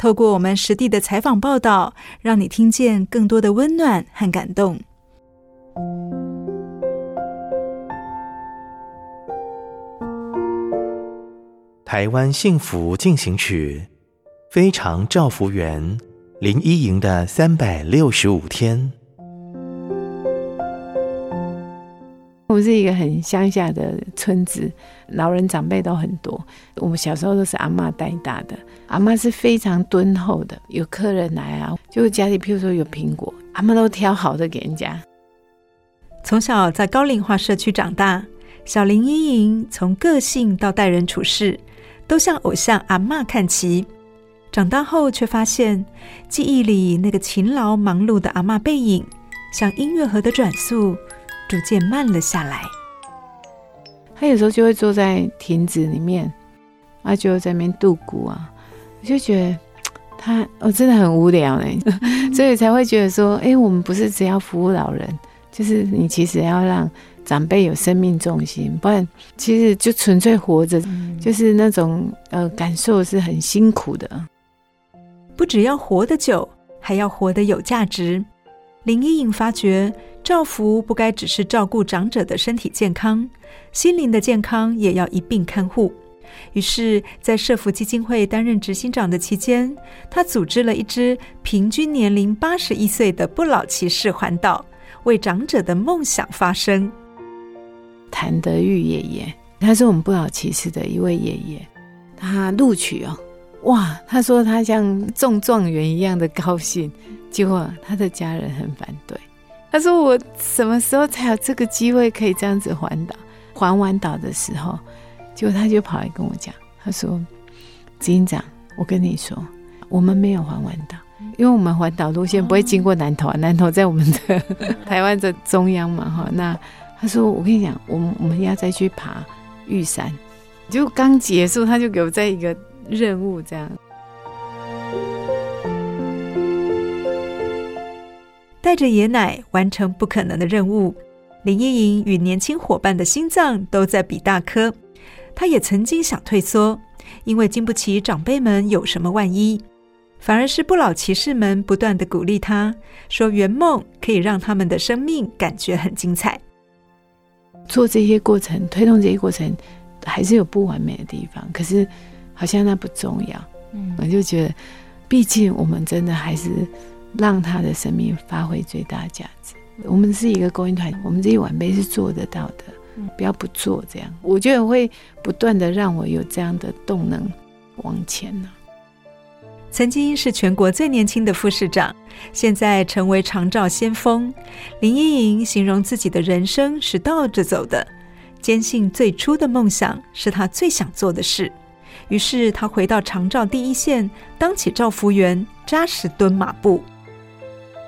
透過我們實地的採訪報道，讓你聽見更多的溫暖和感動。台灣幸福進行曲，非常照服員林依瑩的三百六十五天。我是一個很鄉下的村子，老人長輩都很多。我們小時候都是阿嬤帶大的，阿嬤是非常敦厚的。有客人來啊，就家裡譬如說有蘋果，阿嬤都挑好的給人家。從小在高齡化社區長大，小林依瑩從個性到待人處事，都向偶像阿嬤看齊。長大後卻發現，記憶裡那個勤勞忙碌的阿嬤背影，像音樂盒的轉速。逐漸慢了下來，他有時候就會坐在亭子裡面啊，就在那邊度過啊，我就覺得他，我、哦、真的很無聊哎， 所以才會覺得說，哎、欸，我們不是只要服務老人，就是你其實要讓長輩有生命重心，不然其實就純粹活着，嗯、就是那種呃感受是很辛苦的，不只要活得久，還要活得有價值。林依瑩發覺。照服不該只是照顧長者的身體健康，心靈的健康也要一併看護。於是，在社福基金會擔任執行長的期間，他組織了一支平均年齡八十一歲的不老騎士環島，為長者的夢想發聲。譚德玉爺爺，他是我們不老騎士的一位爺爺，他錄取哦，哇，他說他像中狀元一樣的高興，結果、啊、他的家人很反對。他說：“我什麼時候才有這個機會可以這樣子環島？環完島的時候，結果他就跑來跟我講，他說：‘執行長，我跟你說，我們沒有環完島，因為我們環島路線不會經過南投啊。哦、南投在我們的台灣的中央嘛。’哈，那他說：‘我跟你講，我們我們要再去爬玉山，就剛結束，他就給我在一個任務這樣。’帶着爺奶完成不可能的任務，林依瑩與年輕夥伴的心臟都在比大顆。她也曾經想退縮，因為經不起長輩們有什麼萬一。反而是不老騎士們不斷的鼓勵她說，圓夢可以讓他們的生命感覺很精彩。做這些過程，推動這些過程，還是有不完美的地方。可是好像那不重要。嗯，我就覺得，畢竟我們真的還是。讓他的生命發揮最大價值。嗯、我們是一個公益團，我們這一晚輩是做得到的，嗯、不要不做這樣。我覺得會不斷地讓我有這樣的動能往前呢。曾經是全國最年輕的副市長，現在成為長照先鋒。林依瑩形容自己的人生是倒着走的，堅信最初的夢想是他最想做的事。於是他回到長照第一線，當起照服員，扎實蹲馬步。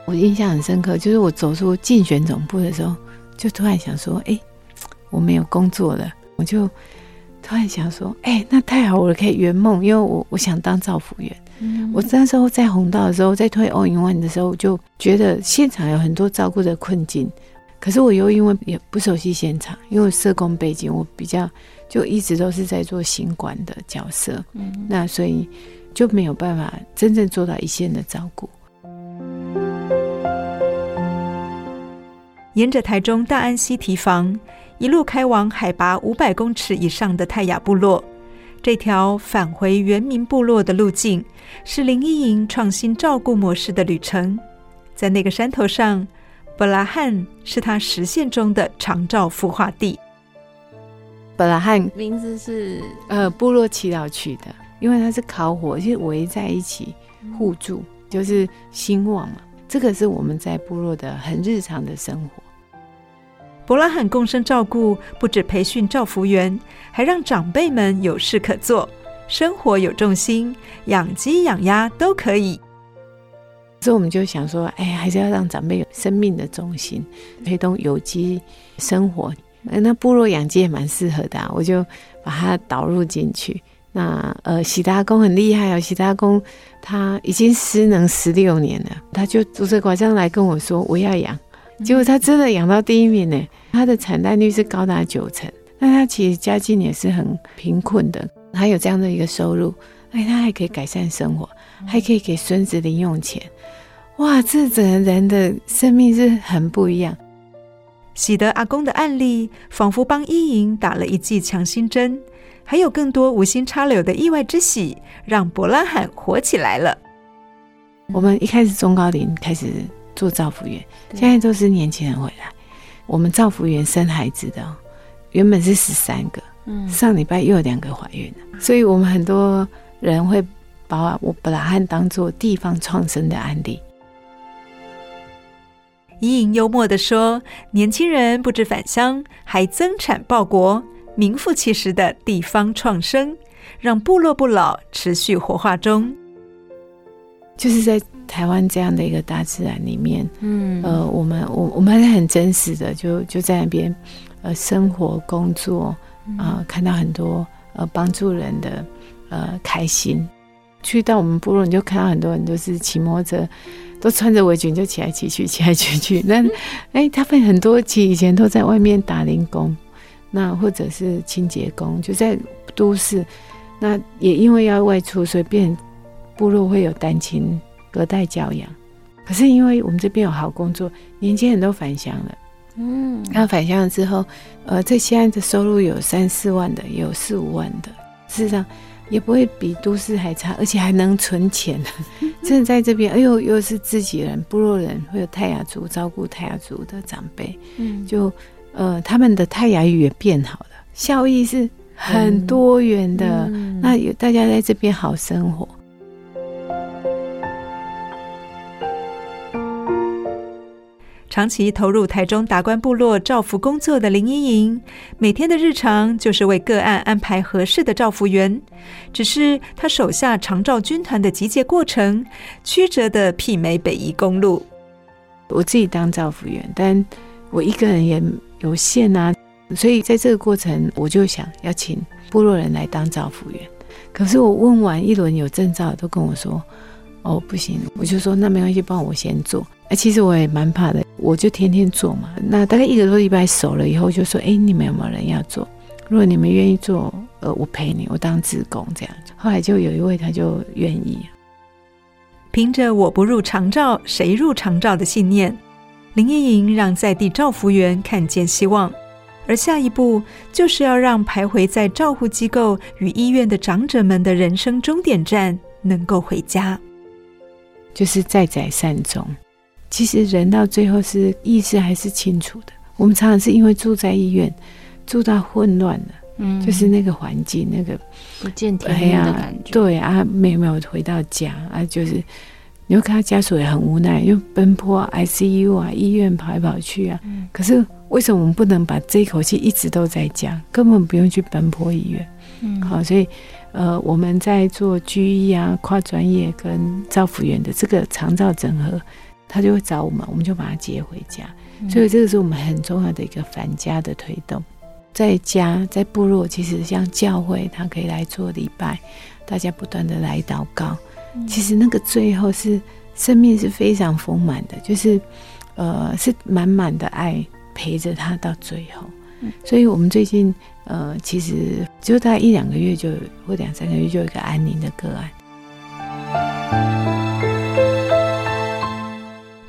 我印象很深刻，就是我走出競選總部的時候，就突然想說：“哎、欸，我沒有工作了。”我就突然想說：“哎、欸，那太好了，我可以圓夢，因為我我想當照服員。”嗯、嗯，我那時候在弘道的時候，在推 All in One 的時候，我就覺得現場有很多照顧的困境。可是我又因為也不熟悉現場，因為社工背景，我比較就一直都是在做行管的角色，嗯、嗯，那所以就沒有辦法真正做到一線的照顧。沿着台中大安溪堤防一路開往海拔五百公尺以上的泰雅部落，這條返回原民部落的路徑是林依瑩創新照顧模式的旅程。在那個山頭上，伯拉罕是他實現中的長照孵化地。伯拉罕名字是呃，部落祈禱取的，因為它是烤火就圍在一起互助，嗯、就是興旺嘛。這個是我們在部落的很日常的生活。伯拉罕共生照顧，不只培訓照服員，還讓長輩們有事可做，生活有重心。養雞養鴨都可以。所以我們就想說，哎、欸，還是要讓長輩有生命的重心，推動有機生活。那部落養雞也蠻適合的，啊，我就把它導入進去。那呃，喜達阿公很厲害哦，喜達阿公他已經失能十六年了，他就拄着拐杖來跟我說，我要養。結果他真的養到第一名呢，他的產蛋率是高達九成。那他其實家境也是很貧困的，他有這樣的一個收入，哎，他還可以改善生活，還可以給孫子零用錢。哇，這整個人的生命是很不一樣。喜得阿公的案例，仿佛幫依瑩打了一劑強心針。還有更多無心插柳的意外之喜，讓伯拉罕活起來了。我們一開始中高齡開始。做照服員，現在都是年輕人回來。對我們照服員生孩子的，原本是十三個，嗯、上禮拜又有兩個懷孕了。所以，我們很多人會把我伯拉罕當做地方創生的案例。依瑩幽默的說：“年輕人不只返鄉，還增產報國，名副其實的地方創生，讓部落不老，持續活化中。”就是在，台灣這樣的一個大自然裡面，嗯，呃，我們我我們很真實的就就在那邊，呃，生活工作啊、呃，看到很多呃幫助人的呃開心。去到我們部落，你就看到很多人都是騎摩托都穿着圍裙就騎來騎去，騎來騎去。那哎、 欸，他們很多騎以前都在外面打零工，那或者是清潔工，就在都市，那也因為要外出，所以變成部落會有單親。隔代教養，可是因為我們這邊有好工作，年輕人都返鄉了。嗯，那、啊、返鄉了之後，呃，在現在的收入有三四萬的，也有四五萬的，事實上也不會比都市還差，而且還能存錢。真的、嗯、在這邊，哎呦，又是自己人，部落人會有泰雅族照顧泰雅族的長輩，嗯，就呃，他們的泰雅語也變好了，效益是很多元的。嗯嗯、那有大家在這邊好生活。長期投入台中達官部落照服工作的林依瑩，每天的日常就是為個案安排合適的照服員。只是她手下長照軍團的集結過程，曲折地媲美北宜公路。我自己當照服員，但我一個人也有限啊，所以在這個過程，我就想要請部落人來當照服員。可是我問完一輪有證照，都跟我說，哦，不行。我就說那沒關係，幫我先做。其實我也蠻怕的，我就天天做嘛。那大概一個多禮拜熟了以後，就說：“哎，你們有沒有人要做？如果你們願意做，呃，我陪你，我當職工這樣。”後來就有一位他就願意，憑着“我不入長照，誰入長照”的信念，林依瑩讓在地照服員看見希望，而下一步就是要讓徘徊在照護機構與醫院的長者們的人生終點站能夠回家，就是在宅善終。其實人到最後是意識還是清楚的。我們常常是因為住在醫院，住到混亂了，啊，嗯，就是那個環境，那個不見天日的感覺。哎，對啊，沒有沒有回到家啊，就是，你會看他家屬也很無奈，又奔波啊，ICU 啊醫院跑來跑去啊。嗯、可是為什麼我們不能把這一口氣一直都在家，根本不用去奔波醫院？嗯，好，所以呃，我們在做居醫啊，跨專業跟照服員的這個長照整合。他就會找我們，我們就把他接回家。所以這個是我們很重要的一個返家的推動。在家在部落，其實像教會，他可以來做禮拜，大家不斷的來禱告。其實那個最後是生命是非常豐滿的，就是呃是滿滿的愛陪着他到最後。所以我們最近呃其實就大概一兩個月就或兩三個月就有一個安寧的個案。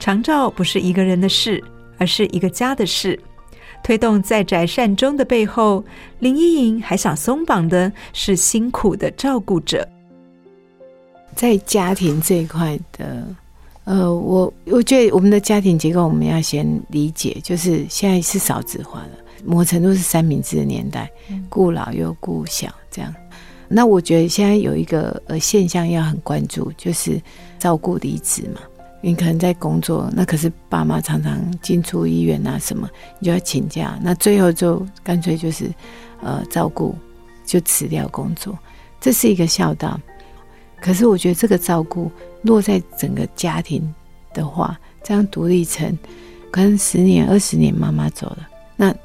長照不是一個人的事，而是一個家的事。推動在宅善終的背後，林依瑩還想鬆綁的是辛苦的照顧者。在家庭這一塊的，呃，我我覺得我們的家庭結構，我們要先理解，就是現在是少子化了，某種程度是三明治的年代，顧老又顧小這樣。那我覺得現在有一個呃現象要很關注，就是照顧離職嘛。你可能在工作，那可是爸媽常常進出醫院啊什麼，你就要請假。那最後就乾脆就是，呃，照顧就辭掉工作，這是一個孝道。可是我覺得這個照顧落在整個家庭的話，這樣獨立成，可能十年二十年媽媽走了，那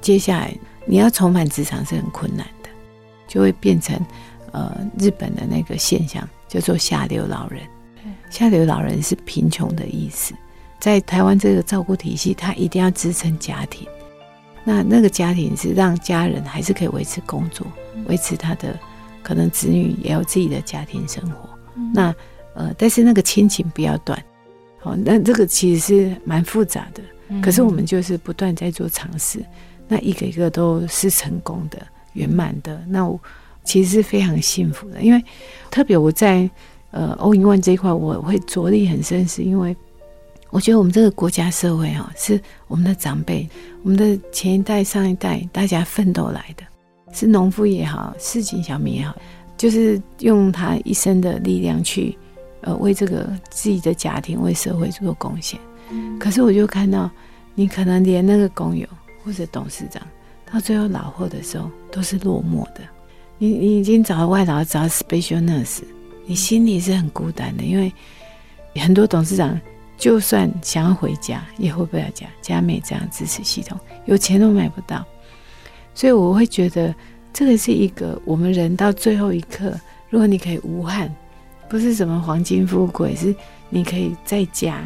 接下來你要重返職場是很困難的，就會變成呃日本的那個現象，叫做下流老人。家裡有老人是貧窮的意思，在台灣這個照顧體系，他一定要支撐家庭。那那個家庭是讓家人還是可以維持工作，維持他的可能子女也有自己的家庭生活。嗯、哼那呃，但是那個親情不要斷好、哦，那這個其實是蠻複雜的。可是我們就是不斷在做嘗試，嗯、哼那一個一個都是成功的、圓滿的。那我其實是非常幸福的，因為特別我在。呃，All in one 這一塊我會着力很深，是因為我覺得我們這個國家社會哈、喔，是我們的長輩、我們的前一代、上一代大家奮鬥來的，是農夫也好，市井小民也好，就是用他一生的力量去呃為這個自己的家庭、為社會做貢獻。嗯、可是我就看到，你可能連那個工友或者董事長，到最後老後的時候，都是落寞的。你你已經找了外勞，找了 special nurse 你心裡是很孤單的，因為很多董事長就算想要回家也要，也回不了家。家沒這樣的支持系統，有錢都買不到。所以我會覺得，這個是一個我們人到最後一刻，如果你可以無憾，不是什麼黃金富貴，是你可以在家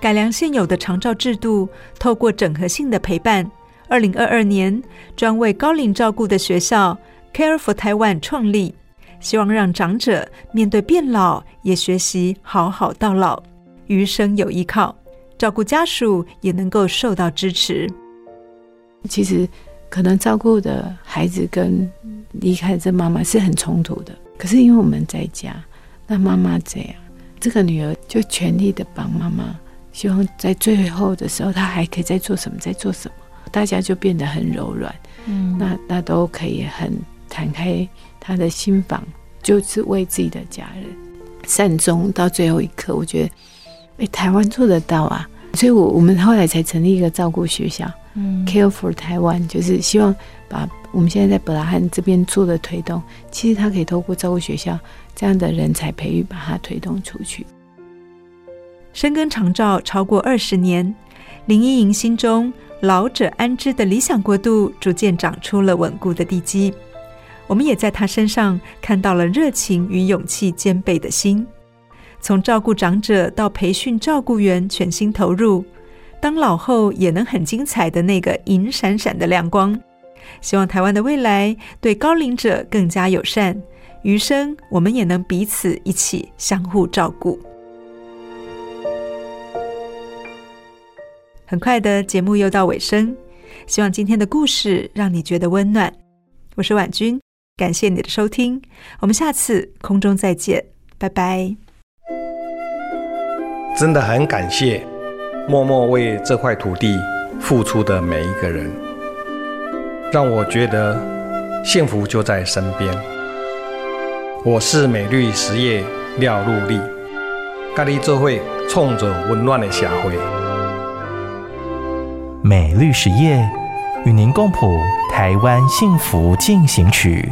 改良現有的長照制度，透過整合性的陪伴。二零二二年，專為高齡照顧的學校 Care for Taiwan 創立，希望讓長者面對變老，也學習好好到老，餘生有依靠，照顧家屬也能夠受到支持。其實，可能照顧的孩子跟離開這媽媽是很衝突的，可是因為我們在家，那媽媽這樣，這個女兒就全力的幫媽媽，希望在最後的時候，她還可以再做什麼，再做什麼。大家就變得很柔軟，嗯，那那都可以很敞開他的心房，就是為自己的家人善終到最後一刻。我覺得，誒、欸，台灣做得到啊！所以，我我們後來才成立一個照顧學校，嗯，Care for Taiwan，就是希望把我們現在在伯拉罕這邊做的推動，其實他可以透過照顧學校這樣的人才培育，把它推動出去。深耕長照超過二十年，林依瑩心中老者安之的理想國度逐漸長出了穩固的地基，我們也在他身上看到了熱情與勇氣兼備的心。從照顧長者到培訓照顧員，全心投入；當老後也能很精彩的那個銀閃閃的亮光。希望台灣的未來對高齡者更加友善，餘生我們也能彼此一起相互照顧。很快的節目又到尾聲，希望今天的故事讓你覺得溫暖。我是婉君，感謝你的收聽，我們下次空中再見，拜拜。真的很感謝默默為這塊土地付出的每一個人，讓我覺得幸福就在身邊。我是美律實業廖路力，甲你做伙創造溫暖的社會！美律實業與您共譜台灣幸福進行曲。